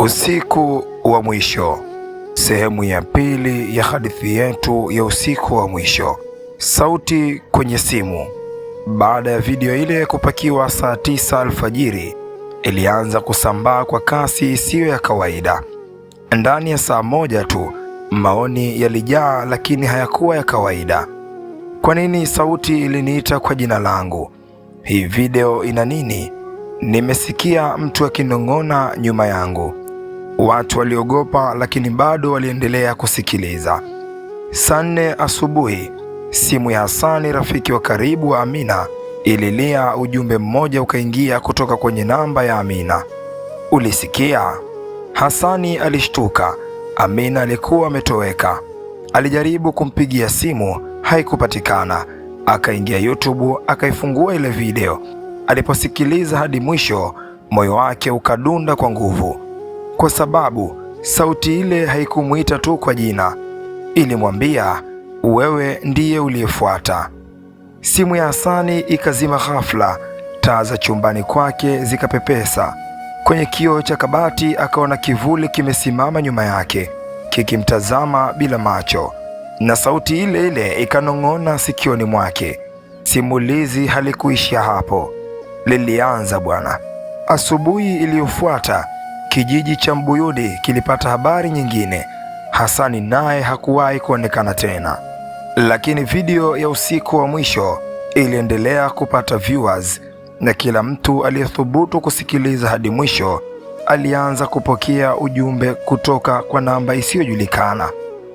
Usiku wa mwisho, sehemu ya pili ya hadithi yetu ya usiku wa mwisho, sauti kwenye simu. Baada ya video ile kupakiwa saa tisa alfajiri, ilianza kusambaa kwa kasi isiyo ya kawaida. Ndani ya saa moja tu maoni yalijaa, lakini hayakuwa ya kawaida. Kwa nini sauti iliniita kwa jina langu? Hii video ina nini? Nimesikia mtu akinong'ona nyuma yangu. Watu waliogopa, lakini bado waliendelea kusikiliza. Saa nne asubuhi, simu ya Hasani, rafiki wa karibu wa Amina, ililia. Ujumbe mmoja ukaingia kutoka kwenye namba ya Amina. Ulisikia? Hasani alishtuka. Amina alikuwa ametoweka. Alijaribu kumpigia simu, haikupatikana. Akaingia YouTube, akaifungua ile video. Aliposikiliza hadi mwisho, moyo wake ukadunda kwa nguvu kwa sababu sauti ile haikumwita tu kwa jina, ilimwambia wewe ndiye uliyefuata. Simu ya Hasani ikazima ghafla, taa za chumbani kwake zikapepesa. Kwenye kioo cha kabati akaona kivuli kimesimama nyuma yake kikimtazama bila macho, na sauti ile ile ikanong'ona sikioni mwake. Simulizi halikuishia hapo, lilianza bwana. Asubuhi iliyofuata Kijiji cha Mbuyuni kilipata habari nyingine. Hasani naye hakuwahi kuonekana tena, lakini video ya usiku wa mwisho iliendelea kupata viewers, na kila mtu aliyethubutu kusikiliza hadi mwisho alianza kupokea ujumbe kutoka kwa namba isiyojulikana: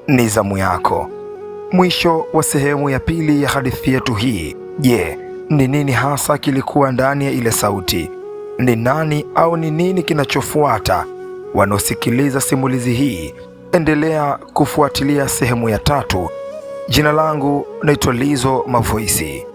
ni zamu yako. Mwisho wa sehemu ya pili ya hadithi yetu hii. Je, ni nini hasa kilikuwa ndani ya ile sauti? ni nani au ni nini kinachofuata? Wanaosikiliza simulizi hii, endelea kufuatilia sehemu ya tatu. Jina langu naitwa Lizo Mavoisi.